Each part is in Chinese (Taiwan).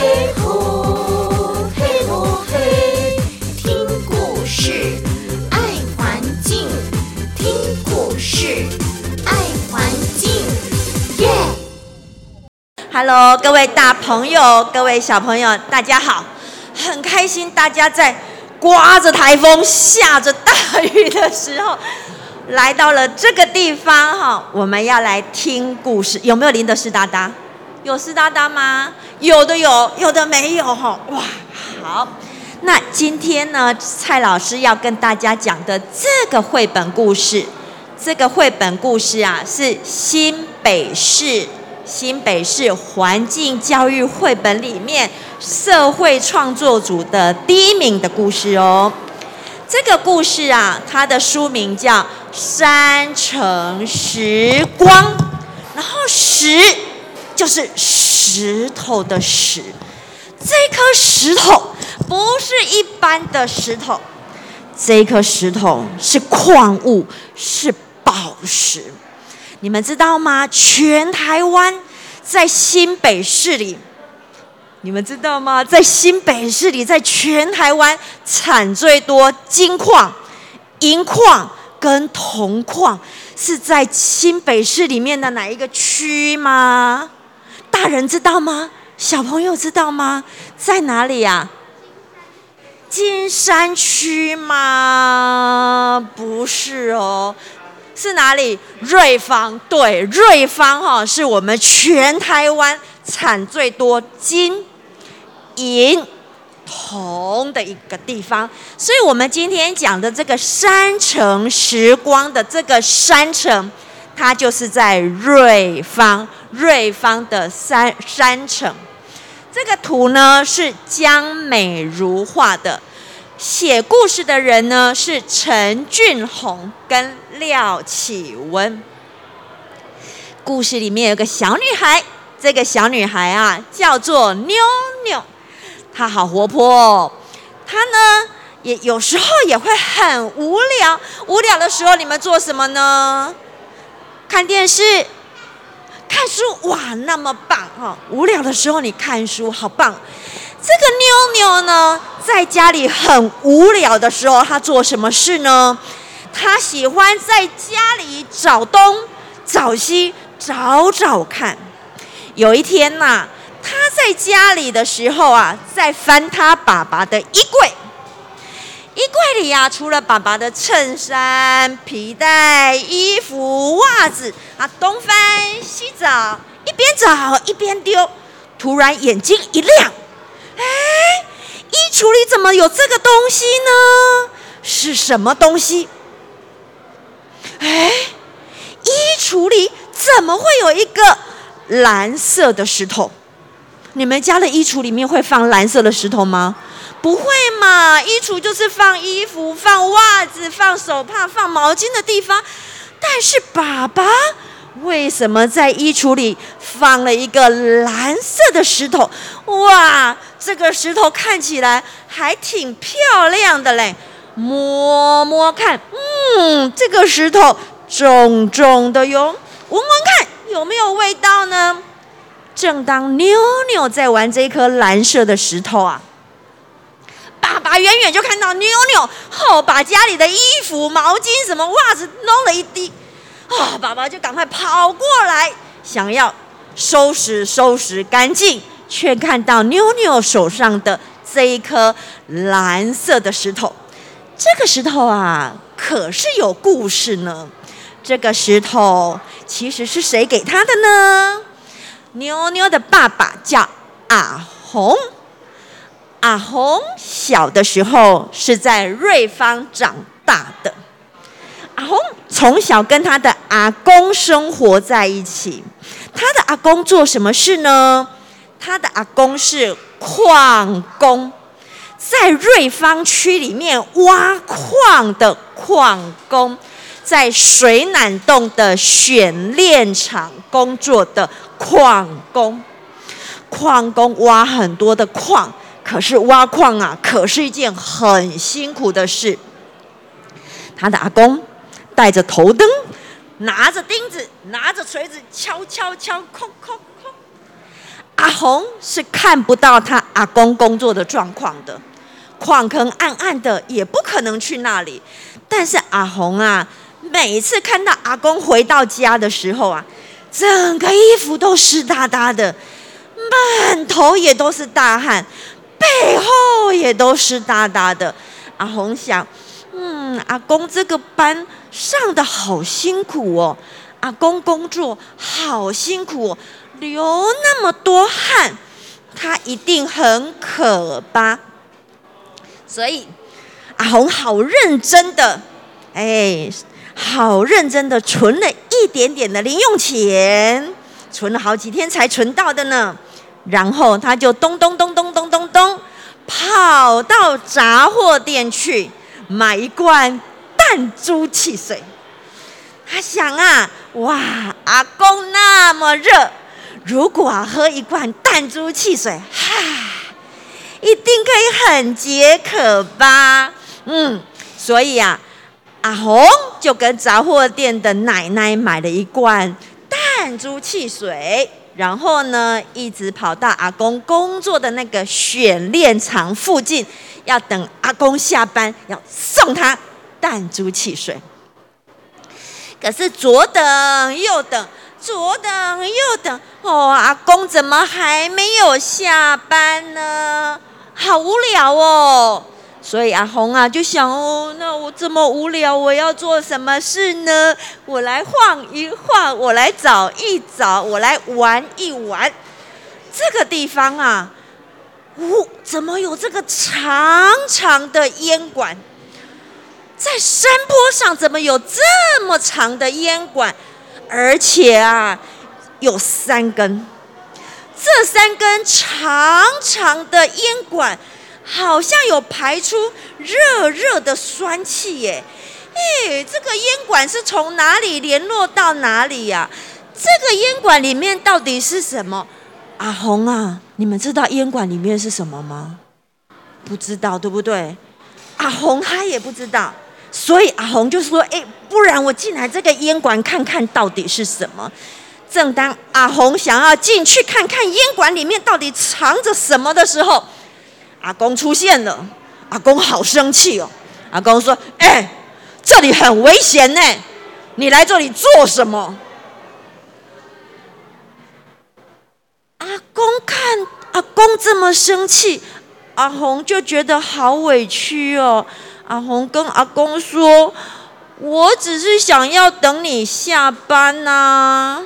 嘿吼嘿吼嘿，聽故事愛環境，聽故事愛環境，耶！Hello，各位大朋友，各位小朋友，大家好，很開心大家在颳着台風、下着大雨的時候，來到了這個地方哈。我們要來聽故事，有沒有林德士達達？有四大大嗎？有的有，有的沒有吼。哇，好，那今天呢，蔡老師要跟大家講的這個繪本故事，這個繪本故事啊，是新北市新北市環境教育繪本裡面社會創作組的第一名的故事哦。這個故事啊，它的書名叫《山城石光》，然後時。就是石頭的石，這顆石頭不是一般的石頭，這顆石頭是礦物，是寶石。你們知道嗎？全台灣在新北市裡，你們知道嗎？在新北市裡，在全台灣產最多金礦、銀礦跟銅礦，是在新北市裡面的哪一個區嗎？大人知道嗎？小朋友知道嗎？在哪裡呀？啊？金山區嗎？不是哦，是哪裡？瑞芳。對，瑞芳哈，哦，是我們全台灣產最多金、銀、銅的一個地方。所以，我們今天講的這個山城石光的這個山城，它就是在瑞芳。瑞芳的山、山城，這個圖呢是江美茹畫的，寫故事的人呢是陳俊宏跟廖綺紋。故事裡面有個小女孩，這個小女孩啊叫做妞妞，她好活潑哦。她呢也有時候也會很無聊，無聊的時候你們做什麼呢？看電視。看書哇，那麼棒哈、哦！無聊的時候你看書，好棒。這個妞妞呢，在家裡很無聊的時候，她做什麼事呢？她喜歡在家裡找東找西找找看。有一天吶、啊，她在家裡的時候啊，在翻她爸爸的衣櫃。衣櫃裡呀、啊，除了爸爸的襯衫、皮帶、衣服、襪子，啊東翻西找，一邊找一邊丟。突然眼睛一亮，哎、欸，衣櫥裡怎麼有這個東西呢？是什麼東西？哎、欸，衣櫥裡怎麼會有一個藍色的石頭？你們家的衣櫥裡面會放藍色的石頭嗎？不會嘛？衣櫥就是放衣服、放襪子、放手帕、放毛巾的地方。但是爸爸為什麼在衣櫥裡放了一個藍色的石頭？哇，這個石頭看起來還挺漂亮的嘞！摸摸看，嗯，這個石頭重重的喲。聞聞看，有沒有味道呢？正當妞妞在玩這一顆藍色的石頭啊。爸爸遠遠就看到妞妞後，把家裡的衣服、毛巾、什麼襪子弄了一地，啊，爸爸就趕快跑過來，想要收拾收拾乾淨，卻看到妞妞手上的這一顆藍色的石頭。這個石頭啊，可是有故事呢。這個石頭其實是誰給他的呢？妞妞的爸爸叫阿宏。阿宏小的時候是在瑞芳長大的。阿宏從小跟他的阿公生活在一起。他的阿公做什麼事呢？他的阿公是礦工，在瑞芳區裡面挖礦的礦工，在水湳洞的選煉廠工作的礦工。礦工挖很多的礦。可是挖礦啊，可是一件很辛苦的事。他的阿公戴着頭燈，拿着釘子，拿着錘子，敲敲敲，空空空。阿紅是看不到他阿公工作的狀況的，礦坑暗暗的，也不可能去那裡。但是阿紅啊，每次看到阿公回到家的時候啊，整個衣服都濕噠噠的，滿頭也都是大汗。背後也都濕答答的。阿紅想，嗯，阿公這個班上的好辛苦哦，阿公工作好辛苦哦，流那麼多汗，他一定很渴吧。所以，阿紅好認真的，哎，好認真的存了一點點的零用錢，存了好幾天才存到的呢。然後他就咚咚咚咚咚咚。跑到雜貨店去買一罐彈珠汽水，他想啊，哇，阿公那麼熱，如果喝一罐彈珠汽水，哈，一定可以很解渴吧？嗯，所以啊，阿宏就跟雜貨店的奶奶買了一罐彈珠汽水。然後呢，一直跑到阿公工作的那個選煉廠附近，要等阿公下班，要送他彈珠汽水。可是左等右等，左等右等，哦，阿公怎麼還沒有下班呢？好無聊哦。所以阿宏啊，就想哦，那我這麼無聊，我要做什麼事呢？我來晃一晃，我來找一找，我來玩一玩。這個地方啊，嗚，怎麼有這個長長的煙管？在山坡上，怎麼有這麼長的煙管？而且啊，有三根，這三根長長的煙管。好像有排出熱熱的酸氣耶、欸！這個煙管是從哪裡聯絡到哪裡呀、啊？這個煙管裡面到底是什麼？阿宏啊，你們知道煙管裡面是什麼嗎？不知道，對不對？阿宏他也不知道，所以阿宏就說：“誒、欸，不然我進來這個煙管看看到底是什麼。”正當阿宏想要進去看看煙管裡面到底藏着什麼的時候，阿公出現了，阿公好生氣哦。阿公說：“哎、欸，這裡很危險呢，你來這裡做什麼？”阿公看阿公這麼生氣，阿宏就覺得好委屈哦。阿宏跟阿公說：“我只是想要等你下班吶、啊。”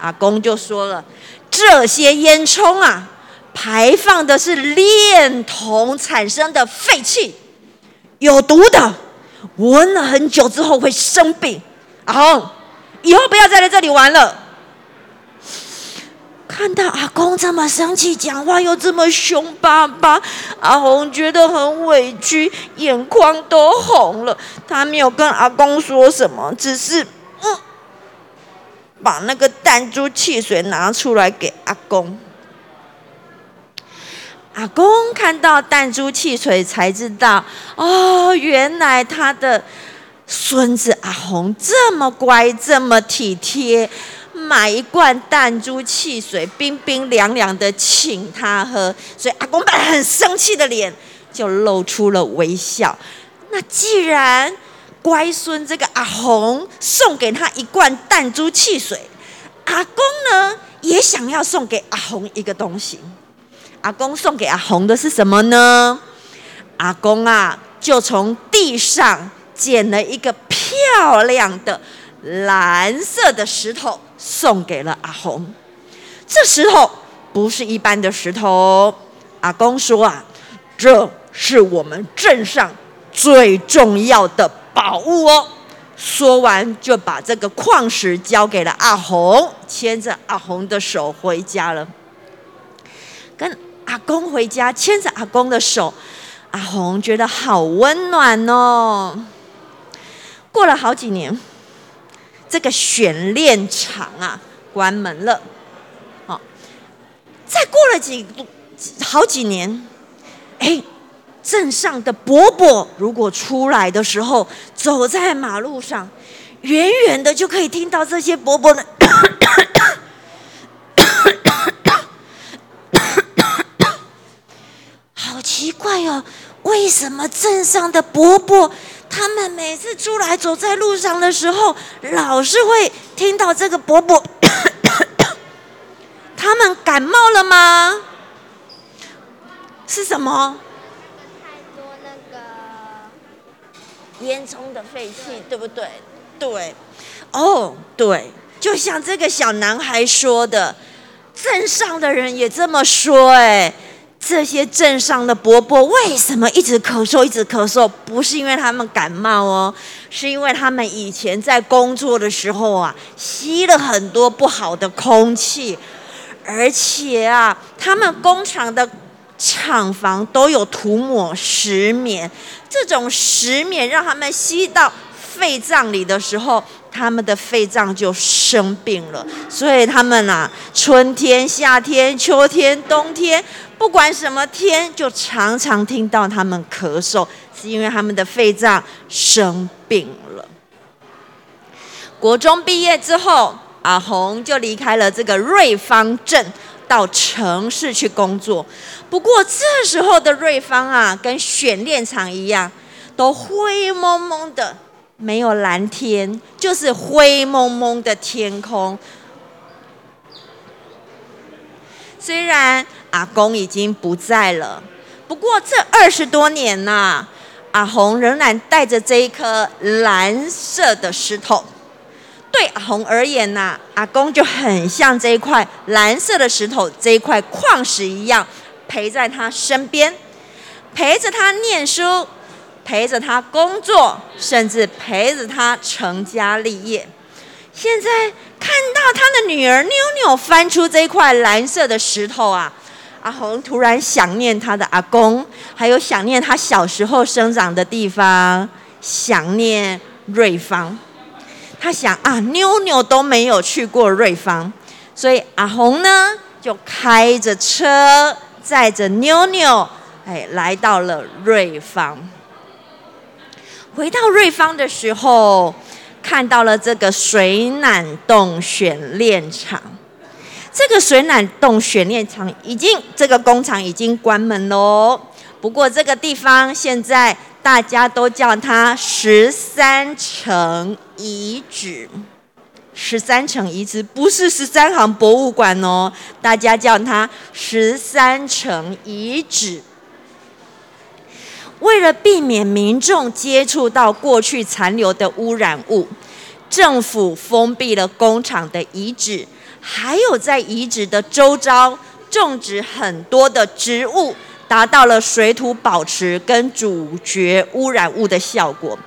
阿公就說了：“這些煙囪啊。”排放的是煉銅產生的廢氣，有毒的，聞了很久之後會生病。阿宏，以後不要再來這裡玩了。看到阿公這麼生氣，講話又這麼凶巴巴，阿宏覺得很委屈，眼眶都紅了。他沒有跟阿公說什麼，只是，嗯，把那個彈珠汽水拿出來給阿公。阿公看到彈珠汽水，才知道哦，原來他的孫子阿宏這麼乖，這麼體貼，買一罐彈珠汽水，冰冰涼涼，涼的，請他喝。所以阿公本來很生氣的臉，就露出了微笑。那既然乖孫這個阿宏送給他一罐彈珠汽水，阿公呢，也想要送給阿宏一個東西。阿公送給阿宏的是什麼呢？阿公啊，就從地上撿了一個漂亮的藍色的石頭，送給了阿宏。這石頭不是一般的石頭，阿公說啊，這是我們鎮上最重要的寶物哦。說完就把這個礦石交給了阿宏，牽着阿宏的手回家了。跟。阿公回家，牽着阿公的手，阿宏覺得好溫暖哦。過了好幾年，這個選煉廠啊，關門了。哦，再過了幾，幾好幾年，哎，鎮上的伯伯如果出來的時候，走在馬路上，遠遠的就可以聽到這些伯伯的。 哎呦，為什麼鎮上的伯伯他們每次出來走在路上的時候，老是會聽到這個伯伯？ 他們感冒了嗎？是什麼？是太多那個煙囪的廢氣，對，對不對？對，哦、oh，對，就像這個小男孩說的，鎮上的人也這麼說、欸，哎。這些鎮上的伯伯為什麼一直咳嗽，一直咳嗽？不是因為他們感冒哦，是因為他們以前在工作的時候啊，吸了很多不好的空氣，而且啊，他們工廠的廠房都有塗抹石棉，這種石棉讓他們吸到肺臟裡的時候，他們的肺臟就生病了。所以他們啊，春天、夏天、秋天、冬天，不管什麼天，就常常聽到他們咳嗽，是因為他們的肺臟生病了。國中畢業之後，阿宏就離開了這個瑞芳鎮，到城市去工作。不過這時候的瑞芳啊，跟選煉廠一樣，都灰濛濛的，沒有藍天，就是灰濛濛的天空。雖然。阿公已經不在了，不過這二十多年吶、啊，阿宏仍然帶着這一顆藍色的石頭。對阿宏而言吶、啊，阿公就很像這一塊藍色的石頭，這一塊礦石一樣，陪在他身邊，陪着他念書，陪着他工作，甚至陪着他成家立業。現在看到他的女兒妞妞翻出這一塊藍色的石頭啊，阿宏突然想念他的阿公，還有想念他小時候生長的地方，想念瑞芳。他想啊，妞妞都沒有去過瑞芳，所以阿宏呢，就開着車載着妞妞，哎，來到了瑞芳。回到瑞芳的時候，看到了這個水湳洞選煉廠。這個水湳洞選煉廠已經，這個工廠已經關門嘍。不過這個地方現在大家都叫它十三層遺址。十三層遺址不是十三行博物館哦，大家叫它十三層遺址。為了避免民眾接觸到過去殘留的污染物，政府封閉了工廠的遺址。還有在遺址的周遭種植很多的植物，達到了水土保持跟阻絕污染物的效果。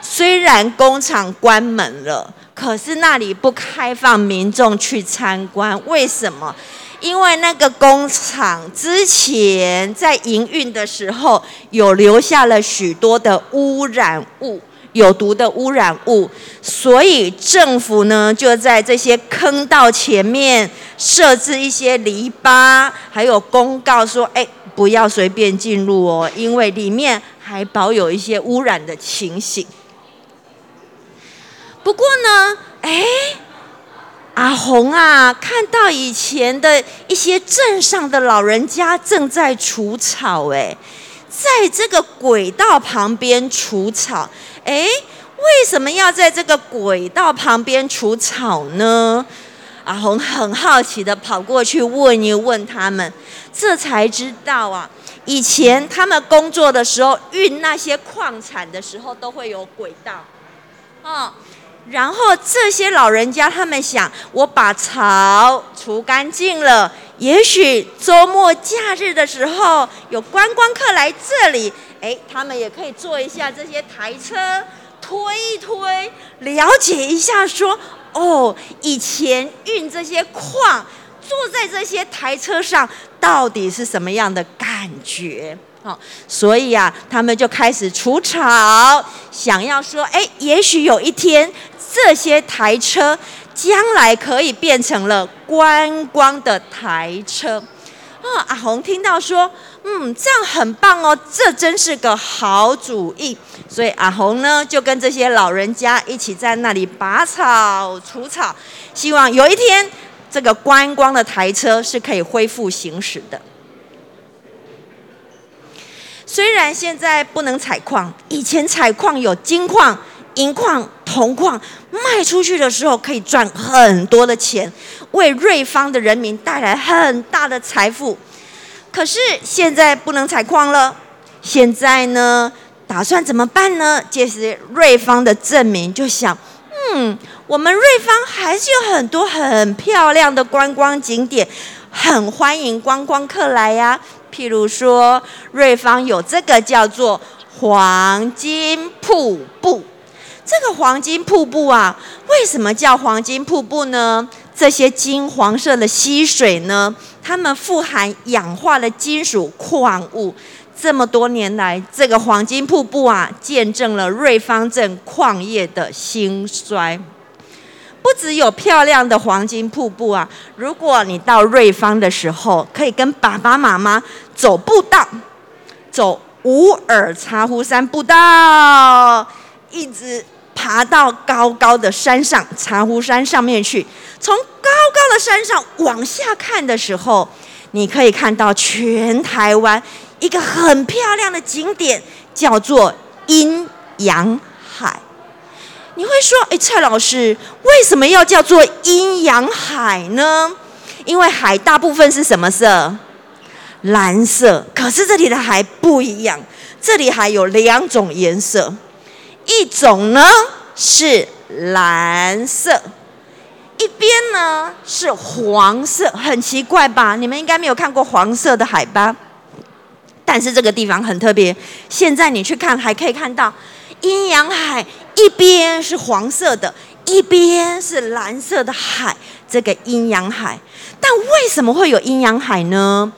雖然工廠關門了，可是那裡不開放民眾去參觀。為什麼？因為那個工廠之前在營運的時候，有留下了許多的污染物。有毒的污染物，所以政府呢，就在這些坑道前面設置一些籬笆，還有公告說：“哎，不要隨便進入哦，因為裡面還保有一些污染的情形。”不過呢，哎，阿宏啊，看到以前的一些鎮上的老人家正在除草誒，哎。在這個軌道旁邊除草，哎，為什麼要在這個軌道旁邊除草呢？阿宏很好奇的跑過去問一問他們，這才知道啊，以前他們工作的時候運那些礦產的時候都會有軌道，哦，然後這些老人家他們想，我把草除乾淨了。也許周末假日的時候，有觀光客來這裡，哎、欸，他們也可以坐一下這些台車，推一推，了解一下說，哦，以前運這些礦，坐在這些台車上，到底是什麼樣的感覺？哦，所以啊，他們就開始除草，想要說，哎、欸，也許有一天，這些台車。將來可以變成了觀光的台車，啊、哦，阿宏聽到說，嗯，這樣很棒哦，這真是個好主意。所以阿宏呢，就跟這些老人家一起在那裡拔草除草，希望有一天這個觀光的台車是可以恢復行駛的。雖然現在不能採礦，以前採礦有金礦、銀礦、銅礦。賣出去的時候可以賺很多的錢，為瑞芳的人民帶來很大的財富。可是現在不能採礦了，現在呢，打算怎麼辦呢？其實瑞芳的人民就想，嗯，我們瑞芳還是有很多很漂亮的觀光景點，很歡迎觀光客來呀。譬如說，瑞芳有這個叫做黃金瀑布。這個黃金瀑布啊，為什麼叫黃金瀑布呢？這些金黃色的溪水呢，它們富含氧化的金屬礦物。這麼多年來，這個黃金瀑布啊，見證了瑞芳鎮礦業的興衰。不只有漂亮的黃金瀑布啊，如果你到瑞芳的時候，可以跟爸爸媽媽走步道，走無耳茶壺山步道，一直。爬到高高的山上，茶壺山上面去，從高高的山上往下看的時候，你可以看到全台灣一個很漂亮的景點，叫做陰陽海。你會說：“哎，蔡老師，為什麼要叫做陰陽海呢？”因為海大部分是什麼色？藍色。可是這裡的海不一樣，這裡還有兩種顏色。一種呢是藍色，一邊呢是黃色，很奇怪吧？你們應該沒有看過黃色的海吧？但是這個地方很特別，現在你去看還可以看到陰陽海，一邊是黃色的，一邊是藍色的海，這個陰陽海。但為什麼會有陰陽海呢？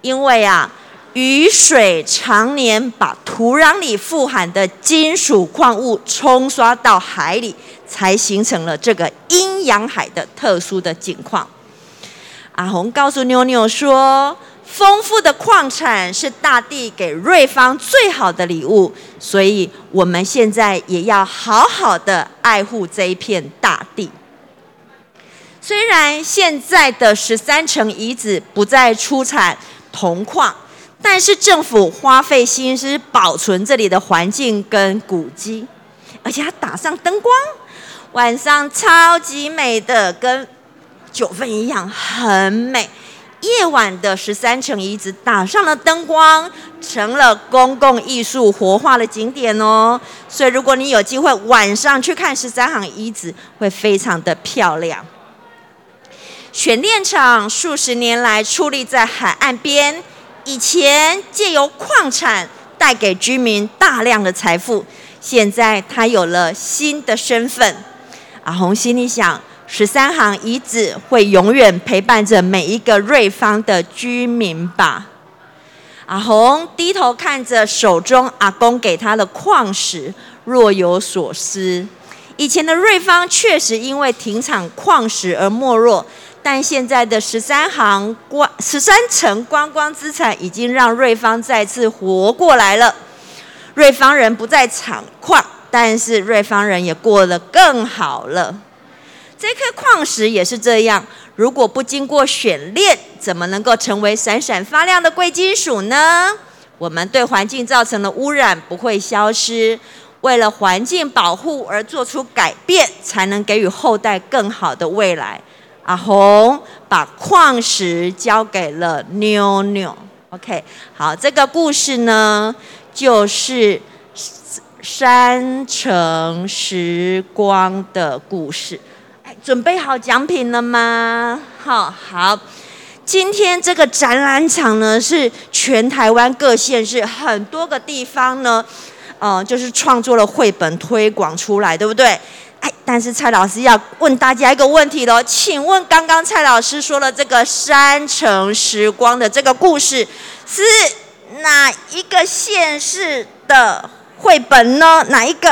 因為啊。雨水常年把土壤裡富含的金屬礦物沖刷到海裡，才形成了這個陰陽海的特殊的景況。阿宏告訴妞妞說：“豐富的礦產是大地給瑞芳最好的禮物，所以我們現在也要好好的愛護這一片大地。雖然現在的十三層遺址不再出產銅礦。”但是政府花費心思保存這裡的環境跟古蹟，而且還打上燈光，晚上超級美的，跟九份一樣，很美。夜晚的十三層遺址打上了燈光，成了公共藝術活化的景點哦。所以如果你有機會晚上去看十三行遺址，會非常的漂亮。選煉廠數十年來矗立在海岸邊。以前借由礦產帶給居民大量的財富，現在他有了新的身份。阿宏心裡想：十三行遺址會永遠陪伴着每一個瑞芳的居民吧？阿宏低頭看着手中阿公給他的礦石，若有所思。以前的瑞芳確實因為停產礦石而沒落。但現在的十三行13層光、十三層觀光資產，已經讓瑞芳再次活過來了。瑞芳人不再產礦，但是瑞芳人也過得更好了。這顆礦石也是這樣，如果不經過選煉，怎麼能夠成為閃閃發亮的貴金屬呢？我們對環境造成的污染不會消失，為了環境保護而做出改變，才能給予後代更好的未來。阿宏把礦石交給了妞妞。OK，好，這個故事呢，就是山城石光的故事。準備好獎品了嗎？好，好，今天這個展覽場呢，是全台灣各縣市很多個地方呢，呃，就是創作了繪本推廣出來，對不對？但是蔡老師要問大家一個問題嘍，請問剛剛蔡老師說了這個山城石光的這個故事是哪一個縣市的繪本呢？哪一個？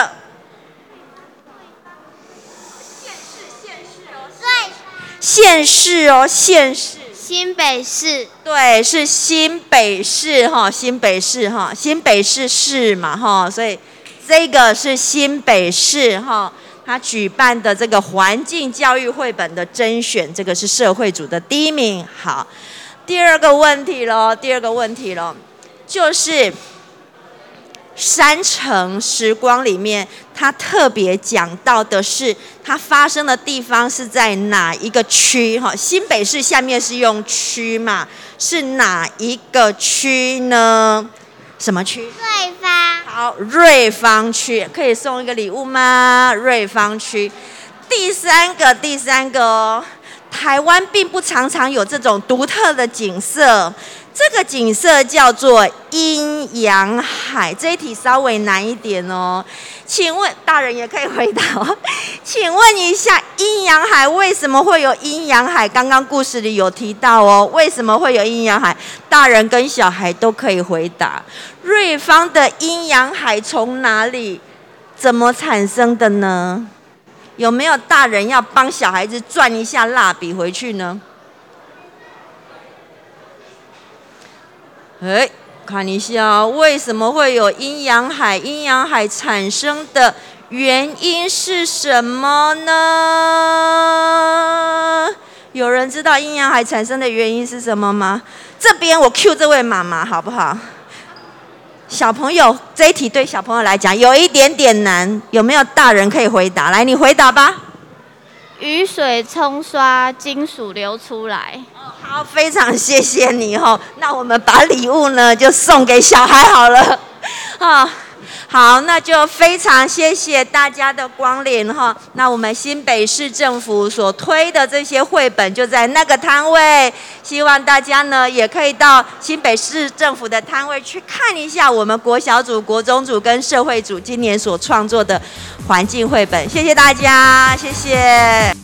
縣市縣市哦，對，縣市哦，縣市，新北市。對，是新北市哈，新北市哈，新北市市嘛哈，所以這個是新北市哈。他舉辦的這個環境教育繪本的甄選，這個是社會組的第一名。好，第二個問題嘍，第二個問題嘍，就是《山城石光》裡面，他特別講到的是，它發生的地方是在哪一個區？哈，新北市下面是用區嘛？是哪一個區呢？什麼區？瑞芳。好，瑞芳區可以送一個禮物嗎？瑞芳區，第三個，第三個哦，台灣並不常常有這種獨特的景色。這個景色叫做陰陽海，這一題稍微難一點哦。請問大人也可以回答哦。請問一下，陰陽海為什麼會有陰陽海？剛剛故事裡有提到哦，為什麼會有陰陽海？大人跟小孩都可以回答。瑞芳的陰陽海從哪裡怎麼產生的呢？有沒有大人要幫小孩子轉一下蠟筆回去呢？哎，看一下哦，為什麼會有陰陽海？陰陽海產生的原因是什麼呢？有人知道陰陽海產生的原因是什麼嗎？這邊我 Q 這位媽媽好不好？小朋友，這一題對小朋友來講有一點點難，有沒有大人可以回答？來，你回答吧。雨水沖刷金屬流出來好。好，非常謝謝你哦。那我們把禮物呢，就送給小孩好了，啊、哦。好，那就非常謝謝大家的光臨哈。那我們新北市政府所推的這些繪本就在那個攤位，希望大家呢也可以到新北市政府的攤位去看一下我們國小組、國中組跟社會組今年所創作的環境繪本。謝謝大家，謝謝。